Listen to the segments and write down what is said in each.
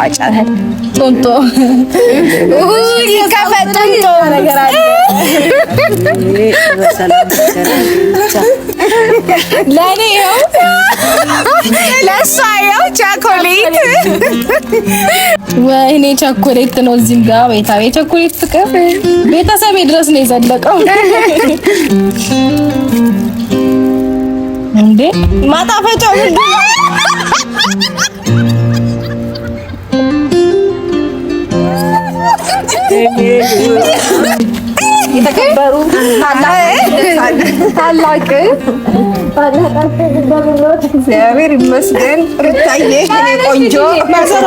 ይከፈል ጡንቶ ነገር አለ ለእኔ ይኸው ለእሷ ይኸው ቸኮሌት። ወይኔ ቸኮሌት ነው እዚህም ጋር ቤታ የቸኮሌት ፍቅር ቤተሰቤ ድረስ ነው የዘለቀው። እንዴ ማጣፈጫው ምንድን ነው? የተከበሩ ታላቅ እግዚአብሔር ይመስገን። ርታዬ እኔ ቆንጆ ማዘር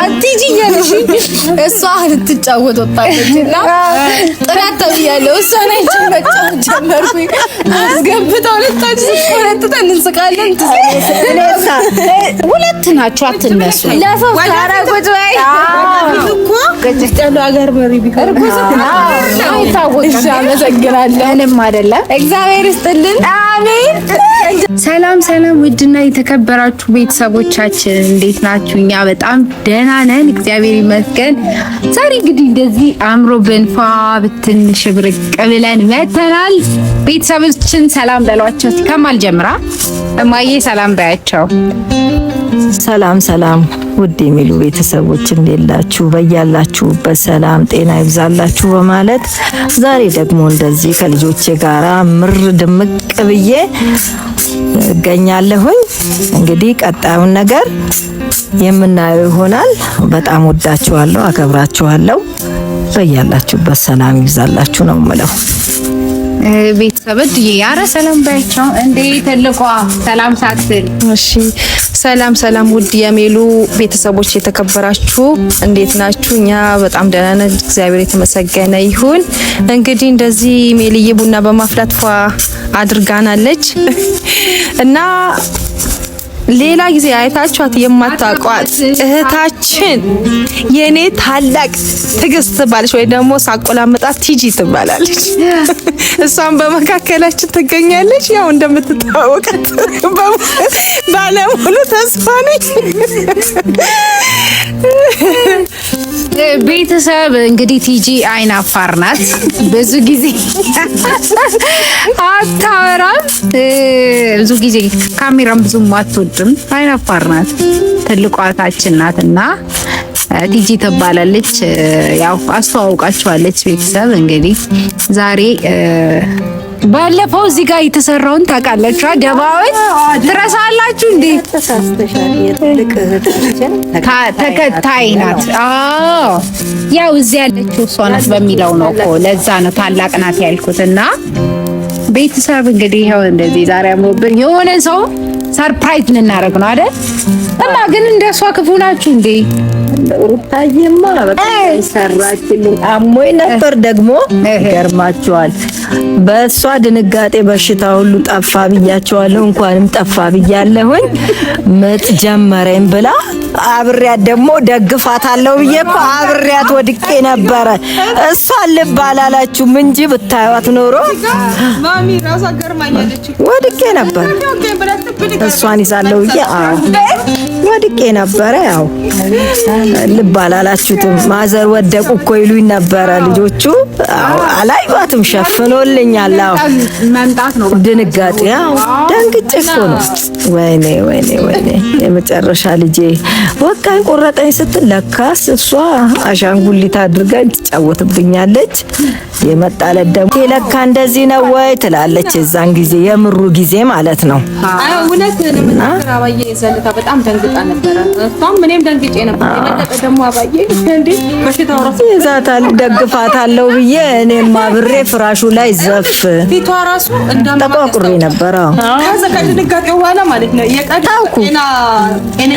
አትሂጂ እያለሽ እሷ ልትጫወት ወጣለች እና ጥራት ተብያለሁ። እሷን አይቼ መጫወት ጀመርኩኝ። አስገብተው ሁለታችን እንስቃለን። ሁለት ናቸው አትነሱ ሰላም ሰላም፣ ውድና የተከበራችሁ ቤተሰቦቻችን እንዴት ናችሁ? እኛ በጣም ደህና ነን፣ እግዚአብሔር ይመስገን። ዛሬ እንግዲህ እንደዚህ አእምሮ በንፋ ብትንሽ ብርቅ ብለን መተናል። ቤተሰቦችን ሰላም በሏቸው። ከማል ጀምራ እማዬ ሰላም በያቸው። ሰላም ሰላም ውድ የሚሉ ቤተሰቦች እንደላችሁ በያላችሁበት ሰላም ጤና ይብዛላችሁ በማለት ዛሬ ደግሞ እንደዚህ ከልጆቼ ጋራ ምር ድምቅ ብዬ እገኛለሁኝ። እንግዲህ ቀጣዩን ነገር የምናየው ይሆናል። በጣም ወዳችኋለሁ፣ አከብራችኋለሁ። በያላችሁበት ሰላም ይብዛላችሁ ነው ምለው። ቤተሰብ እድዬ ኧረ ሰላም ባያቸው እንዴ ትልቋ ሰላም ሳትል። እሺ ሰላም ሰላም፣ ውድ የሚሉ ቤተሰቦች የተከበራችሁ እንዴት ናችሁ? እኛ በጣም ደህና ነን፣ እግዚአብሔር የተመሰገነ ይሁን። እንግዲህ እንደዚህ ሜልዬ ቡና በማፍላት ፏ አድርጋናለች እና ሌላ ጊዜ አይታችኋት የማታውቋት እህታችን የኔ ታላቅ ትግስት ትባለች፣ ወይ ደግሞ ሳቆላመጣት ቲጂ ትባላለች። እሷም በመካከላችን ትገኛለች። ያው እንደምትታወቀት ባለሙሉ ተስፋ ነች። ቤተሰብ እንግዲህ ቲጂ አይን አፋር ናት። ብዙ ጊዜ አታወራም፣ ብዙ ጊዜ ካሜራም ብዙም አትወድም። አይን አፋር ናት። ትልቋታችን ናትና ቲጂ ትባላለች። ያው አስተዋውቃችኋለች ቤተሰብ እንግዲህ ዛሬ ባለፈው እዚህ ጋር የተሰራውን ታውቃላችሁ። ደባዎች ትረሳላችሁ እንዴ? ተከታይ ናት። አዎ ያው እዚህ ያለችው እሷ ናት በሚለው ነው እኮ ለዛ ነው ታላቅ ናት ያልኩት። እና ቤተሰብ እንግዲህ ይኸው እንደዚህ ዛሬ አምሮብን የሆነ ሰው ሰርፕራይዝ ልናደርግ ነው አይደል? እና ግን እንደሷ ክፉ ናችሁ እንዴ? ሩታዬማ በጣም ሰራችልኝ። አሞኝ ነበር ደግሞ ይገርማቸዋል። በእሷ ድንጋጤ በሽታ ሁሉ ጠፋ ብያቸዋለሁ። እንኳንም ጠፋ ብያለሁኝ። ምጥ ጀመረኝ ብላ አብሬያት ደግሞ ደግፋታለሁ ብዬ እኮ አብሬያት ወድቄ ነበረ። እሷን ልብ አላላችሁም እንጂ ብታዩት ኖሮ ወድቄ ነበር። እሷን ይዛለሁ ብዬ ወድቄ ነበረ። ያው ልባላላችሁትም ማዘር ወደቁ እኮ ይሉኝ ነበረ ልጆቹ። አላይባትም ሸፍኖልኛል። አዎ ድንጋጤ ያው ደንግጬ እኮ ነው። ወይኔ ወይኔ ወይኔ የመጨረሻ ልጄ ወቃኝ ቆረጠኝ ስትል ለካስ እሷ አሻንጉሊት አድርጋኝ ትጫወትብኛለች። የመጣለት ደግሞ ለካ እንደዚህ ነው ወይ ትላለች። የዛን ጊዜ የምሩ ጊዜ ማለት ነው። በጣም ደንግ ደንግጣ ነበረ። እሷም እኔም ደንግጬ ነበር። ደግሞ ይዛታል። ደግፋታለሁ ብዬ እኔም አብሬ ፍራሹ ላይ ዘፍ ፊቷ ራሱ ጠቋቁሬ ነበር።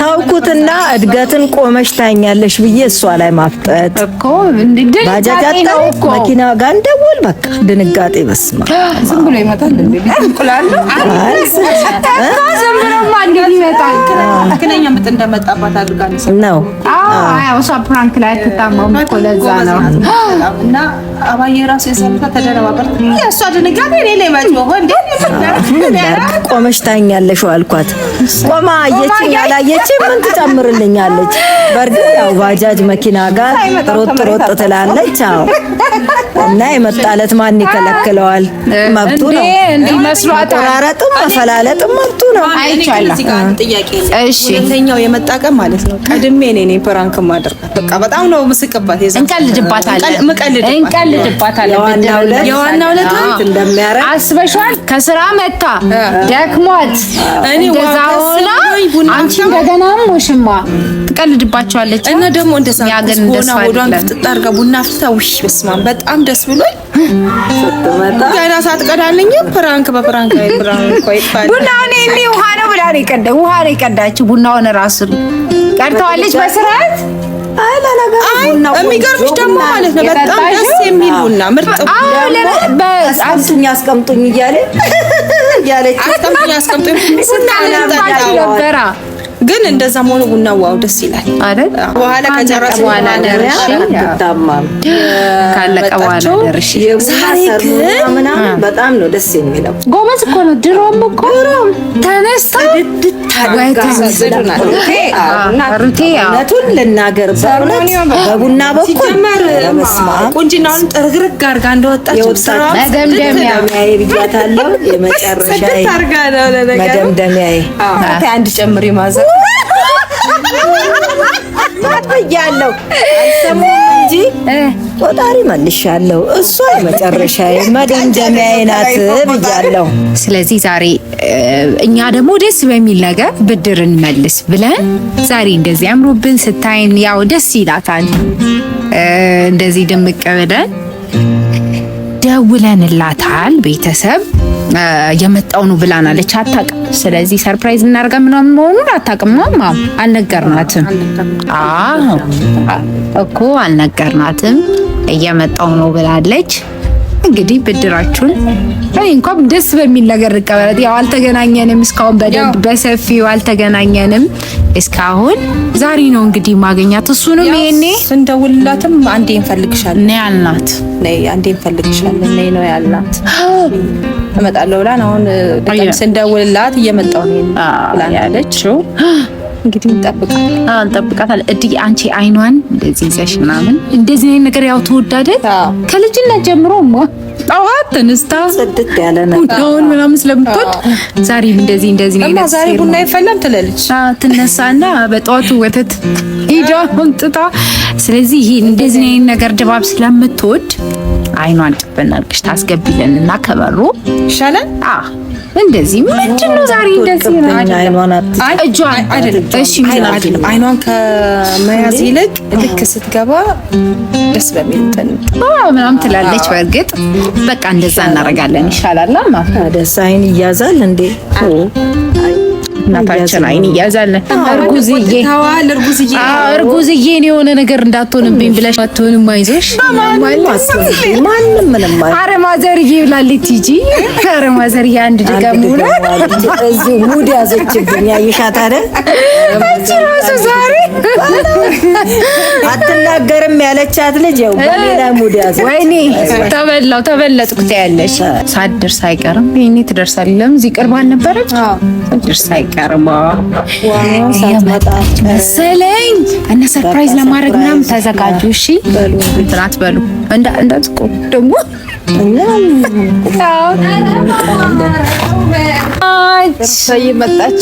ታውኩትና እድገትን ቆመሽ ታኛለሽ ብዬ እሷ ላይ ማፍጠት እኮ ባጃጅ መኪና ጋር እንደውል በቃ ድንጋጤ በስማ ዝም ብሎ ይመጣል እንዴ እንቁላል ኃይለኛ ምጥ እንደመጣባት አድርጋ ነው። አዎ እሷ ፕራንክ ላይ ትታመም እኮ ለዛ ነው። እና አባዬ ራሱ የሰምታ ተደረባበር እሷ ድንጋጤ እኔ ላይ መጥቦ ቆመሽ ታኛለሽ አልኳት። ቆማ አየችኝ አላየችኝ ምን ትጨምርልኛለች? በእርግጥ ያው ባጃጅ መኪና ጋር ሮጥ ሮጥ ትላለች። አዎ እና የመጣለት ማን ይከለክለዋል? መብቱ ነው። አራጥም መፈላለጥም መብቱ ነው። አይቻለሁ። እሺ ሁለተኛው የመጣ ቀን ማለት ነው ቀድሜ እኔ ነኝ ፕራንክ ማደርጋት። በቃ በጣም ነው ምስቅባት እንቀልድባታለን፣ እንቀልድባታለን። የዋናው ዕለት እንደሚያረግ አስበሽዋል ከስራ መታ ደክሟት እንደዛ ሆና አንቺ እንደገና ሙሽማ ትቀልድባቸዋለች እና ደግሞ እንደዛ ቡና ፍታ ውሽ በስመ አብ በጣም ደስ ብሎኝ ገና ሳትቀዳልኝ ፕራንክ በፕራንክ ቡናውን እኔ ውሃ ነው ብላ ነው የቀዳችው። ውሃ ነው የቀዳችው ቡናውን ራሱ ቀድተዋለች በስርዓት የሚገርምሽ ደግሞ ማለት ነው በጣም ደስ የሚል ቡና ምርጥ አስቀምጡኝ አስቀምጡኝ እያለ ያለች አስቀምጡኝ አስቀምጡኝ ቡና ግን እንደዛ መሆኑ ቡና ዋው ደስ ይላል አይደል? በኋላ ከጨረሰ በኋላ ደርሽ ብታማም ካለቀ በኋላ ደርሽ። ዛሬ ግን በጣም ነው ደስ የሚለው። ጎመዝ እኮ ነው። ድሮም እኮ ድሮም ተነስታ እውነቱን ልናገር በቡና በኩል ቁንጅናውን ጥርግርግ አድርጋ እንደወጣች መደምደሚያ ብያታለሁ። የመጨረሻ መደምደሚያ አንድ ጨምሪ ማዘር ብያለሁ አልሰማሁም እንጂ ቆጣሪ መልሻለሁ። እሷ የመጨረሻዬ መደምደሚያዬ ናት ብያለሁ። ስለዚህ ዛሬ እኛ ደግሞ ደስ በሚል ነገር ብድር እንመልስ ብለን ዛሬ እንደዚህ አምሮብን ስታይን ያው ደስ ይላታል። እንደዚህ ድምቅ ብለን ደውለንላታል። ቤተሰብ የመጣው ነው ብላናለች። አታውቅም። ስለዚህ ሰርፕራይዝ እናርጋ ምናምን መሆኑን አታውቅም ነው ማው አልነገርናትም። አዎ እኮ አልነገርናትም። እየመጣው ነው ብላለች። እንግዲህ ብድራችሁን እኔ እንኳን ደስ በሚል ነገር እቀበለት። ያው አልተገናኘንም እስካሁን በደንብ በሰፊው አልተገናኘንም እስካሁን። ዛሬ ነው እንግዲህ ማገኛት እሱንም ይሄኔ ስንደውልላትም አንዴ እንፈልግሻለን ነው ያልናት። ነይ አንዴ እንፈልግሻለን ነይ ነው ያልናት። እመጣለሁ ብላን አሁን ደግሞ ስንደውልላት እየመጣሁ ነው ብላን ያለችው እንግዲህ እንጠብቃለን። አዎ እንጠብቃታለን። እዲ አንቺ አይኗን እንደዚህ ይዘሽ ምናምን እንደዚህ አይነት ነገር ያው ተወዳደ ከልጅነት ጀምሮ ማ ጠዋት ተነስታ ጽድት ያለ ነገር ምናምን ስለምትወድ ዛሬም እንደዚህ እንደዚህ ነው እና ዛሬ ቡና ይፈላል ትላለች። አዎ ትነሳና በጠዋቱ ወተት ሂዳ አምጥታ ስለዚህ ይሄ እንደዚህ አይነት ነገር ድባብ ስለምትወድ አይኗን ጭበናልቅሽ ታስገቢልን እና ከበሩ ይሻላል። አዎ እንደዚህ ምንድን ነው ዛሬ እንደዚህ ነው? አይኗን ከመያዝ ይልቅ ልክ ስትገባ ደስ በሚል ምናምን ትላለች። በእርግጥ በቃ እንደዛ እናደርጋለን ይሻላል። ደስ አይን ይያዛል እንዴ? እናታችን አይን እያዛለን እርጉዝዬ እርጉዝዬን የሆነ ነገር እንዳትሆንብኝ ብለሽ አትሆንም። አይዞሽ ማንም ምንም ኧረ ማዘርዬ ብላለች ቲጂ። ኧረ ማዘርዬ አንድ ድጋሚ ሙድ ያዘችብኝ ያይሻት አይደል አልናገርም ያለቻት ልጅ ያው በሌላ ሙድ ያዘ። ወይኔ ተበላው ተበለጥኩት ያለሽ ሳትደርስ አይቀርም። ይሄኔ ትደርሳለህ። ለምን ይቅርብ አልነበረች? ሳትደርስ አይቀርም መሰለኝ። እና ሰርፕራይዝ ለማድረግ ምናምን ተዘጋጁ። እሺ እንትን አትበሉ እንዳ እንዳትቆ ደግሞ እርሳዬ መጣች።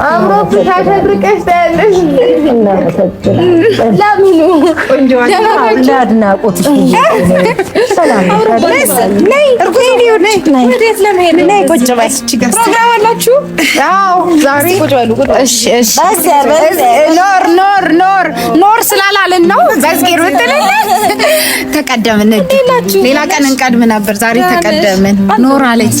ኖር ስላላልን ነው። በዝጌር ተቀደምን። ሌላ ቀን እንቀድም ነበር፣ ዛሬ ተቀደምን። ኖር አለች።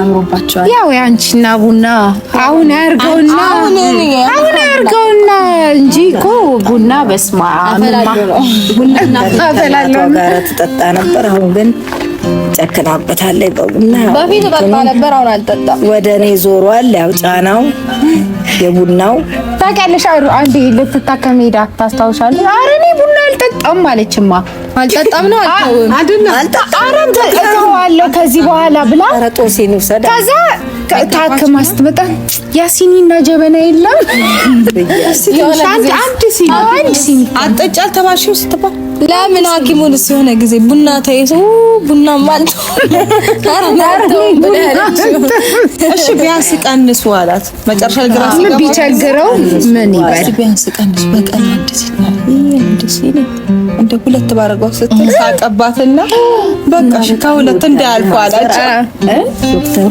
አምሮባቸዋል። ያው ያንቺና ቡና አሁን ያርገውና አሁን ያርገውና እንጂ እኮ ቡና በስማ ቡና ትጠጣ ነበር። አሁን ግን ጨክናበታለች በቡና። በፊት ጠጣ ነበር፣ አሁን አልጠጣም። ወደ እኔ ዞሯል። ያው ጫናው የቡናው ታውቂያለሽ። አንዴ ልትታከም ሄዳ ታስታውሻለሽ? ኧረ አልጠጣም ማለችማ። አልጠጣም ነው አልተውም። አረ አለው ከዚህ በኋላ ብላ ከዛ ታክማ ስትመጣ ያሲኒና ጀበና የለም አንድ ሲኒ አንድ ሲኒ አጠጪ አልተባልሽም ስትባል ለምን ሐኪሙን ሲሆነ ጊዜ ቡና ተይዞ ቡና ማለት እሺ ቢያንስ ቀንሱ አላት። መጨረሻ ግራስ ቢቸግረው ምን ይበል ቢያንስ ቀንሱ በቀን አንድ ሲኒ እንደ ሁለት ባረገው ስትል ሳቀባትና በቃ ከሁለት እንዳያልኩ አላቸው ዶክተሩ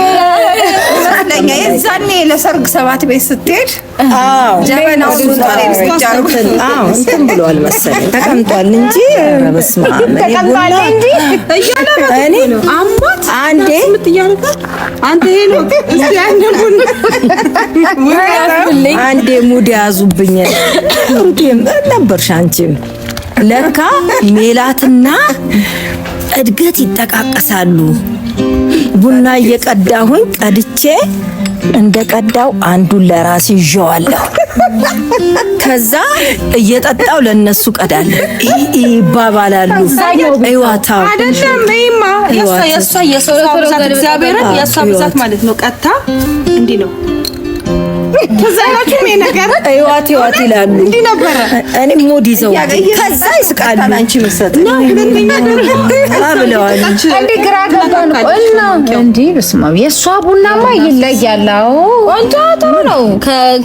እርግጠኛ የዛኔ ለሰርግ ሰባት ቤት ስትሄድ እንትን ብሏል መሰለኝ ተቀምጧል እንጂ አንዴ ሙድ ያዙብኝ ነበርሽ አንቺም ለካ ሜላትና እድገት ይጠቃቀሳሉ። ቡና እየቀዳሁኝ ቀድቼ እንደቀዳው አንዱን ለራሴ ይዤዋለሁ። ከዛ እየጠጣው ለነሱ ቀዳለ ይባባላሉ። ይዋታ የእሷ ብዛት ማለት ነው። ቀጥታ እንዲህ ነው ህይወት ህይወት ይላሉ። እኔ ሞድ ይዘው ከዛ ይስቃሉ። አንቺ ምሰጥ የእሷ ቡናማ ይለያል። ቆንጆ ጥሩ ነው።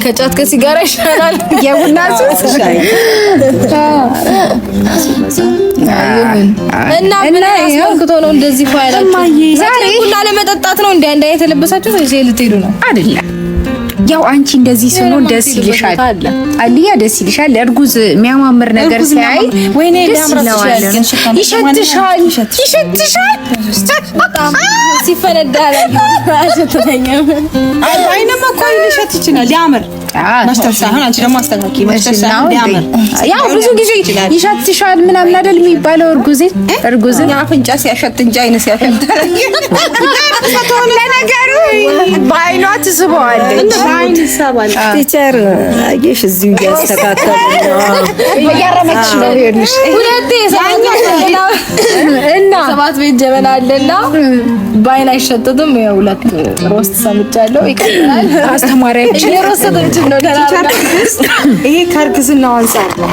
ከጫት ከሲጋራ ይሻላል የቡና እና ምን አስመልክቶ ነው እንደዚህ ፋይላችሁ? ዛሬ ቡና ለመጠጣት ነው እንዴ? አንድ የተለበሳችሁ ልትሄዱ ነው አይደለም? ያው አንቺ እንደዚህ ስሆን ደስ ይልሻል፣ አንድያ ደስ ይልሻል። እርጉዝ የሚያማምር ነገር ሲያይ ወይኔ ይለዋል፣ ይሸትሻል፣ ይሸትሻል ሲፈነዳ አይነማ እኮ ይሸት ይችላል ያምር ያው ብዙ ጊዜ ይሸትሻል ምናምን አይደል የሚባለው። እርጉዝን እርጉዝን አፍንጫ ሲያሸት እንጂ አይነ ሲያሸት ለነገሩ በአይኗ ትስበዋለች። አየሽ፣ እዚሁ እያስተካከሉ ነው። ሰባት ቤት ጀበና አለና በአይን አይሸጥትም። ሁለት ሮስት ሰምቻለሁ። ይቀጥላል አስተማሪያችን ይሄ ከእርግዝናው አንፃር ነው።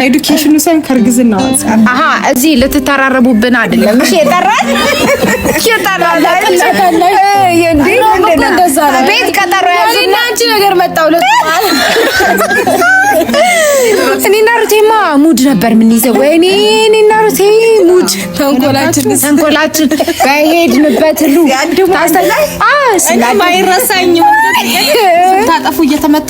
ከኤዱኬሽኑ ሳይሆን ከእርግዝናው አንፃር አሀ እዚህ ልትተራረቡብን አይደለም። እሺ የጠራን ቤት ቀጠሮ ያዝና አንቺ ነገር መጣው እኔና ሩቴማ ሙድ ነበር የምንይዘው። ወይኔ እኔና ሩቴ ሙድ ተንኮላችን ተንኮላችን በሄድንበት ሁሉ ታስተላል። አይ ማይረሳኝ ታጠፉ እየተመታ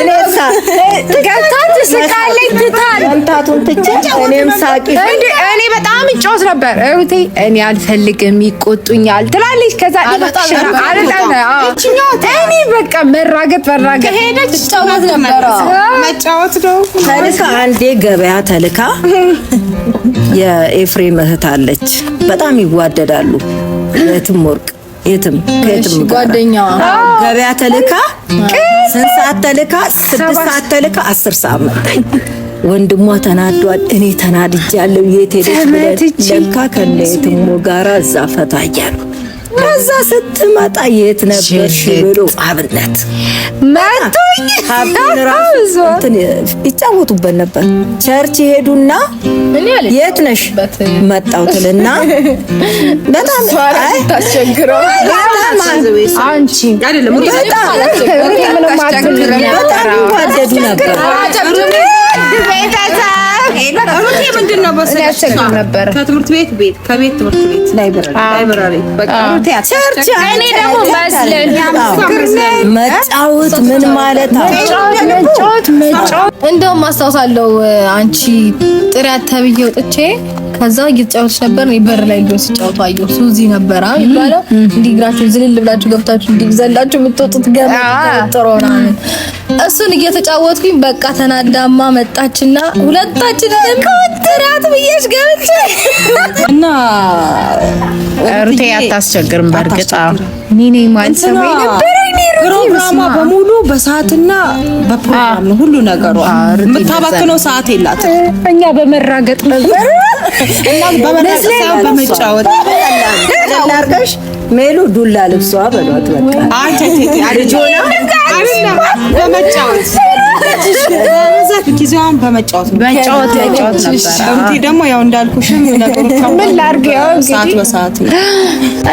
ገብታ ትስቃለች። ትታል መምታቱን ትቼ እኔም ሳቂ እኔ በጣም እጫወት ነበር። እህቴ እኔ አልፈልግም ይቆጡኛል ትላለች። ከዛ እኔ በቃ መራገጥ መራገጥ ከሄደች ጫወት ነበር መጫወት ነው ተልካ አንዴ ገበያ ተልካ የኤፍሬም እህት አለች። በጣም ይዋደዳሉ የትም ወርቅ የትም ከየትም ገበያ ተልካ ስንት ሰዓት ተልካ? ስድስት ሰዓት ተልካ አስር ሰዓት መጣኝ። ወንድሟ ተናዷል። እኔ ተናድጃለሁ። የት ሄደሽ ለካ ከነየትሞ ጋራ እዛ ፈታ እያሉ ከዛ ስትመጣ የት ነበርሽ ብሎ አብነት መጡኝ። ይጫወቱበት ነበር። ቸርች ሄዱና የት ነሽ መጣው ትልና በጣም ነበር ከትምህርት ቤት ቤት ከቤት ትምህርት ቤት ላይብራሪ መጫወት ምን ማለት መጫወት መጫወት እንደውም አስታውሳለሁ አንቺ ጥሪያት ተብዬ ወጥቼ ከዛ እየተጫወተች ነበር። እኔ በር ላይ ልጆች ሲጫወቱ አየሁ። ሱዚ ነበረ ይባላል እንዲህ እግራችሁ ዝልል ብላችሁ ገብታችሁ እንዲህ ዘላችሁ የምትወጡት እሱን እየተጫወትኩኝ በቃ ተናዳማ መጣችና ሁለታችን ኮንትራት ብዬሽ ገብቼ እና ሩቴ አታስቸግርም። በእርግጥ ኒኔ ነኝ ማለት ሰማይ ነበር ፕሮግራማ በሙሉ በሰዓትና በፕሮግራም ሁሉ ነገሩ የምታባክነው ሰዓት የላትም። እኛ በመራገጥ ነበር በመጫወት ሜሉ ዱላ ልብሷ በሏት በቃ ጊዜዋን በመጫወት በጫወት ያጫወት ነበር። ደግሞ ያው እንዳልኩሽ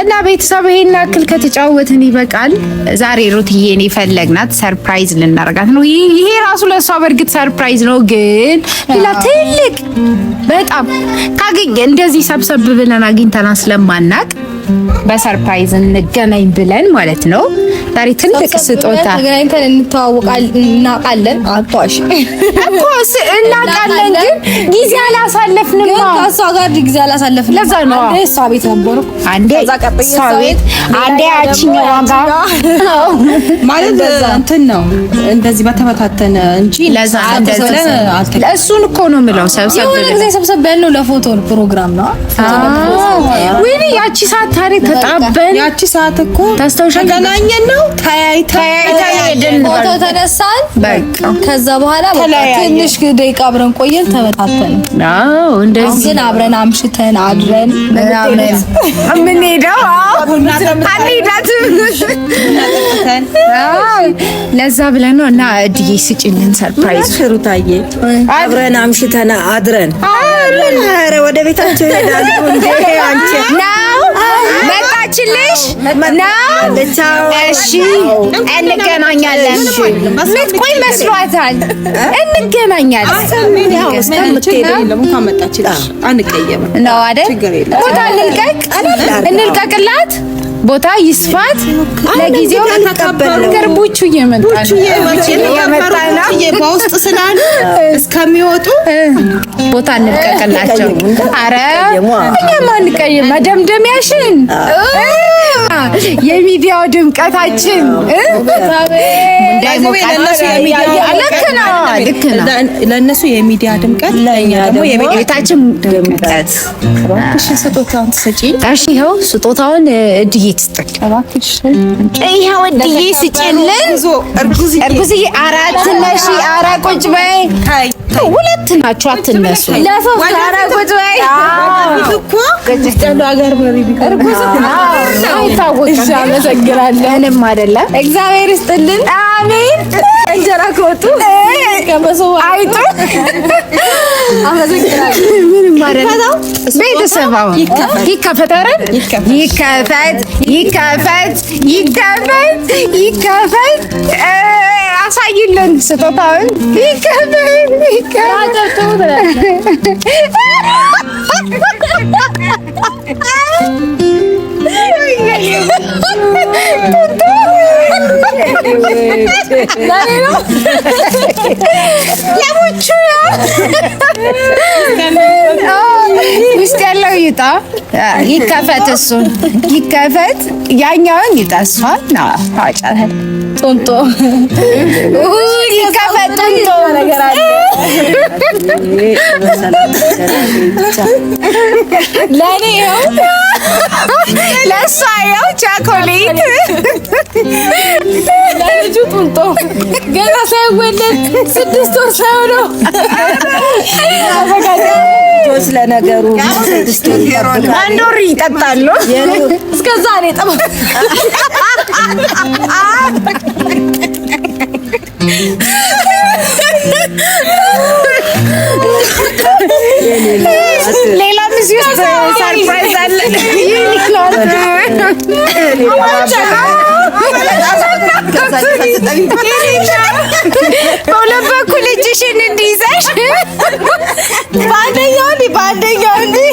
እና ቤተሰብ ይሄን ያክል ከተጫወትን ይበቃል። ዛሬ ሩትዬን የፈለግናት ሰርፕራይዝ ልናደርጋት ነው። ይሄ ራሱ ለእሷ በእርግጥ ሰርፕራይዝ ነው፣ ግን ሌላ ትልቅ በጣም ካገኘ እንደዚህ ሰብሰብ ብለን አግኝተና ስለማናቅ በሰርፕራይዝ እንገናኝ ብለን ማለት ነው። ዛሬ ትልቅ ስጦታ ተገናኝተን እንተዋወቃለን። እናውቃለን አጥቷሽ እኮስ እናውቃለን፣ ግን ጊዜ አላሳለፍንም። ከእሷ ጋር ጊዜ አላሳለፍንም። ለዛ ነው አንዴ እሷ ቤት ነበርኩ፣ አንዴ እሷ ቤት፣ አንዴ ያቺኛዋ ጋር ማለት እንትን ነው። እንደዚህ በተበታተነ እንጂ ለዛ እሱን እኮ ነው የምለው። ሰብሰብ የሆነ ጊዜ ሰብሰብ ያልነው ለፎቶ ፕሮግራም ነው። ወይኔ ያቺ ሰዓት ታሪክ ተጣበን ያቺ ሰዓት እኮ ተገናኘን ነው ተያይተን ፎቶ ተነሳን። በቃ ከዛ በኋላ ትንሽ ደቂቃ አብረን ቆየን፣ ተበታተን። አዎ እንደዚህ ግን አብረን አምሽተን አድረን ምናምን የምንሄደው ለዛ ብለን ነው። እና እድዬ ስጭልን ሰርፕራይዝ ሩታዬ፣ አብረን አምሽተን አድረን ኧረ ወደ ቤታቸው ይሄዳሉ እንዴ አንቺ መጣችልሽ ነው። እሺ እንገናኛለን። ምትቆይ መስሏታል። እንገናኛለን ቦታ እንልቀቅ እንልቀቅላት ቦታ ይስፋት። ለጊዜው ነገር ቡቹ እየመጣች በውስጥ ስላሉ እስከሚወጡ ቦታ እንልቀቅላቸው። አረ መደምደሚያሽን የሚዲያው ድምቀታችን ለእነሱ የሚዲያ ድምቀት የቤታችን ድምቀት። ስጦታውን ትሰጪ? ይኸው ስጦታውን እድዬ ትስጥል። ይኸው እድዬ ስጭልን። እርጉዝዬ አራት ነሽ። ኧረ ቁጭ በይ። ሁለት ናችሁ አትነሱ። ለሶስት ኧረ ቁጭ በይ ምንም አይደለም። እግዚአብሔር ይስጥልን። አሜን። እንጀራ ከወጡ አይጡ ቤተሰብ ይከፈት፣ ይከፈት፣ ይከፈት፣ ይከፈት፣ ይከፈት አሳይልን ስጦታውን። ይቀበል ውስጥ ያለው ይጣ ይከፈት፣ እሱን ይከፈት፣ ያኛውን ይጠሷል። ጡንጦ ይከፈት ጡንጦ ነገር አለ። ለእኔ ይኸው ለእሷ ይኸው ቻኮሌት ለልጁ ጡንጦ ገና ሳይወለድ ስድስት ወር ሳይሆነው ልጆች ለነገሩ ማንዶሪ ይጠጣሉ። እስከዛ እኔ ጠባ ሌላ ሰርፕራይዝ አለ። በሁለት በኩል እጅሽን እንዲይዘሽ በአንደኛው እንዲህ በአንደኛው እንዲህ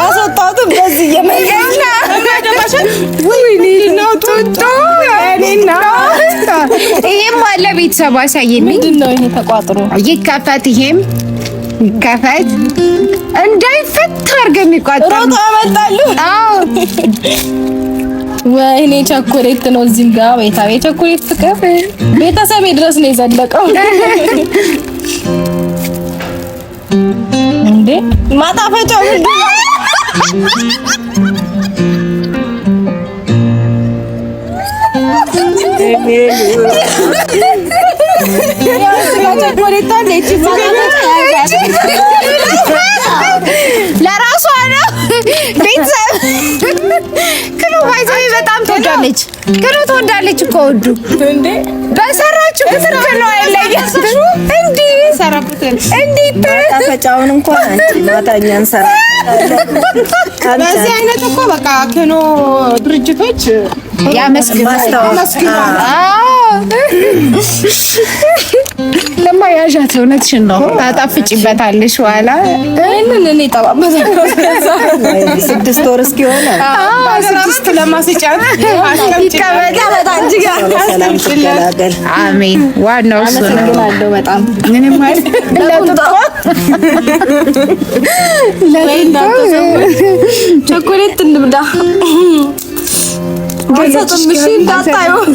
ያስወጣሁትን በዚህ ይሄም አለ ቤተሰብ አሳየኝ። ተቋጥሮ ይከፈት። ይሄም ይከፈት እንዳይፈ አድርገን ይቋጣሉ። ሮጦ አመጣሉ። አዎ ወይኔ ቸኮሌት ነው። እዚህም ጋር ቤታ የቸኮሌት ፍቅር ቤተሰቤ ድረስ ነው የዘለቀው። እንዴ ማጣፈጫው ምንድን ነው? ቸኮሌት ቤተሰብ ክሉ ባይዘ በጣም ትወዳለች። ክሉ ትወዳለች እኮ ወዱ በሰራችሁ ቁጥር ክሉ አይለያችሁ። እንዲ እንዴት ተጫውን እንኳን ማታኛ እንሰራ በዚህ አይነት እኮ በቃ ክኖ ድርጅቶች ያመስግናል። ለማያዣት እውነትሽን ነው። ታጣፍጭበታለሽ ኋላ ይህንን እኔ እጠባበታለሁ። ስድስት ወር እስኪሆነ ስድስት ለማስጫት አሜን። ዋናው እሱ ነው። በጣም ቸኮሌት እንብዳ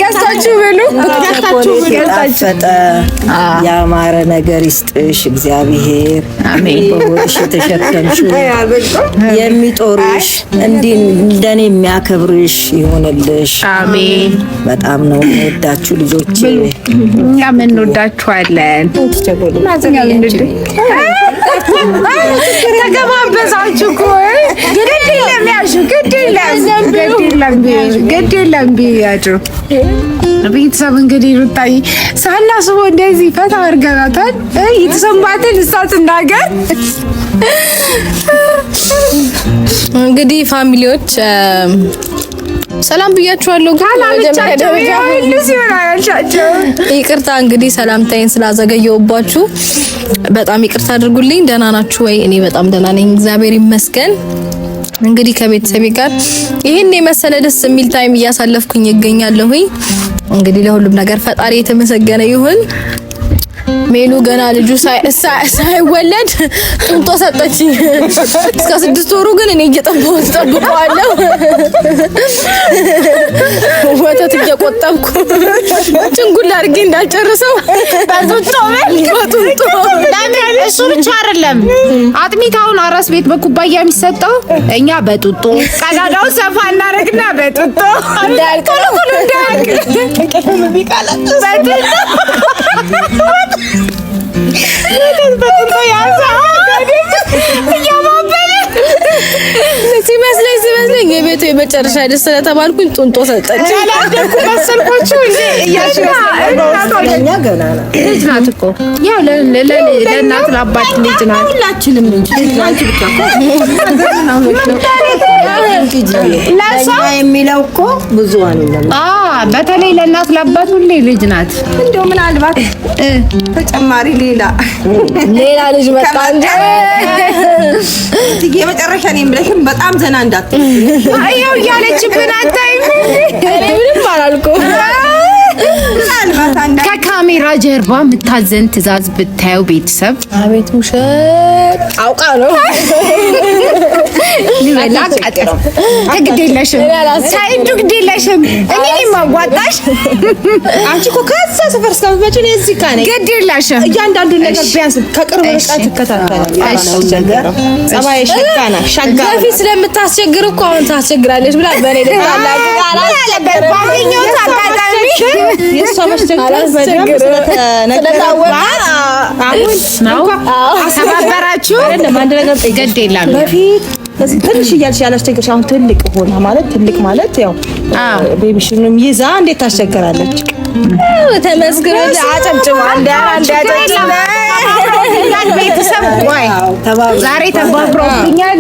ገዝታችሁ ያማረ ነገር ይስጥሽ እግዚአብሔር። በሆድሽ የተሸከምሽው የሚጦርሽ እንዲህ እንደኔ የሚያከብርሽ ይሆንልሽ። አሜን። በጣም ነው የምወዳችሁ ልጆች፣ እኛም እንወዳችኋለን። ተገባበዛችሁ ግድ ግድ የለም ቤተሰብ እንግዲህ ሳናስቦ እንደዚህ ፈታ አድርገናታል። የተሰማትን እሷ ትናገር። እንግዲህ ፋሚሊዎች ሰላም ብያችኋለሁ። ይቅርታ እንግዲህ ሰላምታዬን ስላዘገየውባችሁ በጣም ይቅርታ አድርጉልኝ። ደህና ናችሁ ወይ? እኔ በጣም ደህና ነኝ፣ እግዚአብሔር ይመስገን። እንግዲህ ከቤተሰቤ ጋር ይህን የመሰለ ደስ የሚል ታይም እያሳለፍኩኝ ይገኛለሁኝ። እንግዲህ ለሁሉም ነገር ፈጣሪ የተመሰገነ ይሁን። ሜኑ ገና ልጁ ሳይወለድ ጡንጦ ሰጠችኝ። እስከ ስድስት ወሩ ግን እኔ እየጠበሁት ጠብቀዋለሁ። ወተት እየቆጠብኩ ጭንጉል አድርጌ እንዳልጨርሰው በጡንጦ እሱ ብቻ አይደለም። አጥሚታውን አራስ ቤት በኩባያ የሚሰጠው እኛ በጡጦ ቀዳዳውን ሰፋ እናደርግና በጡጦ እንዳያልቅ በጡጦ Nagtatapatong to yan sa akin. Ayaw ሲመስለኝ ሲመስለኝ የቤቱ የመጨረሻ አይነት ስለተባልኩኝ ጡንጦ ሰጠች። ልጅ ናት እኮ ያው ለእናት ለአባት ልጅ ናት። ሁላችንም ለእሷ የሚለው እኮ ብዙ በተለይ ለእናት ለአባት ሁሌ ልጅ ናት። እንደው ምናልባት ተጨማሪ ሌላ ሌላ ልጅ መጣ ጭራሽ እኔም ብለሽም በጣም ዘና እንዳት ያው እያለችብን አታይም። እኔ ምንም አላልኩም። ከካሜራ ጀርባ የምታዘን ትዕዛዝ ብታየው ቤተሰብ አቤት ውሸት አውቃ ነው ሊበላ አቃጠር ግድ እኔ ማዋጣሽ አንቺ እኮ ከዛ ሰፈር እስከምትመጪ እኔ እዚህ ጋር ነኝ። ግድ ነገር ቢያንስ ከቅርብ ርቀት ትከታተላለች። ጸባይ ሸጋ ስለምታስቸግር እኮ አሁን ታስቸግራለች ብላ በእኔ ደፋላ አለበት ባገኘሁት አጋጣሚ የእሷ መቸገር በደንብ ስለተነገረ አሁን ትንሽ እያልሽ ያላስቸገርሽ አሁን ትልቅ ሆና ማለት ትልቅ ማለት ያው ቤቢሽንም ይዛ እንዴት ታስቸግራለች? አጨብጭባ ቤተሰብ ዛሬ ተባብሮብኛል።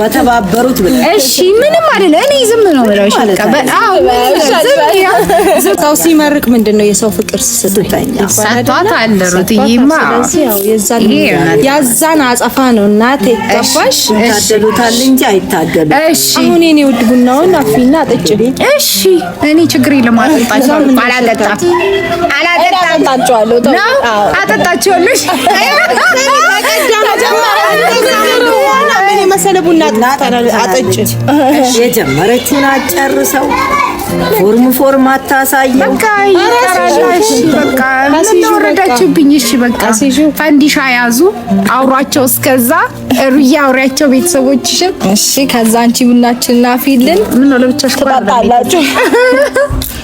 በተባበሩት እሺ፣ ምንም አይደለ። እኔ ዝም ነው ብለው ዝም ሲመርቅ ምንድን ነው የሰው ፍቅር ስስጠኝ ሰቷት አለሩት ያዛን አጸፋ ነው እናቴ ገባሽ። ታደሉታል እንጂ አይታደሉ። እሺ፣ አሁን የኔ ውድ ቡናውን አፊና አጥጭ። እሺ፣ እኔ ችግር የለም አጠጣቸዋለሁ። አጠጣቸዋለሁ። አጠጣቸዋለሽ መሰለ ቡና አጠጭ የጀመረችውን አጨርሰው ፎርም ፎርም አታሳየው። በቃ እሺ በቃ ፈንዲሻ ያዙ፣ አውሯቸው። እስከዛ ሩያ አውሪያቸው ቤተሰቦችሽን። እሺ ከዛ አንቺ ቡናችንን አፍይልን። ምን ነው ለብቻሽ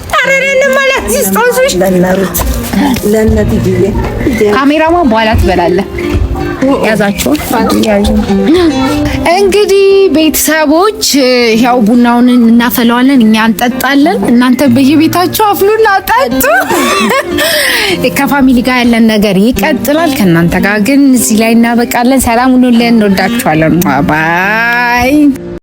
ካሜራማን በኋላ ትበላለህ። ያዛቸውን እንግዲህ ቤተሰቦች ያው ቡናውን እናፈላዋለን፣ እኛ እንጠጣለን። እናንተ በየቤታችሁ አፍሉና ጠጡ። ከፋሚሊ ጋር ያለን ነገር ይቀጥላል። ከእናንተ ጋር ግን እዚህ ላይ እናበቃለን። ሰላም ሁኑልን። እንወዳችኋለን። ባይ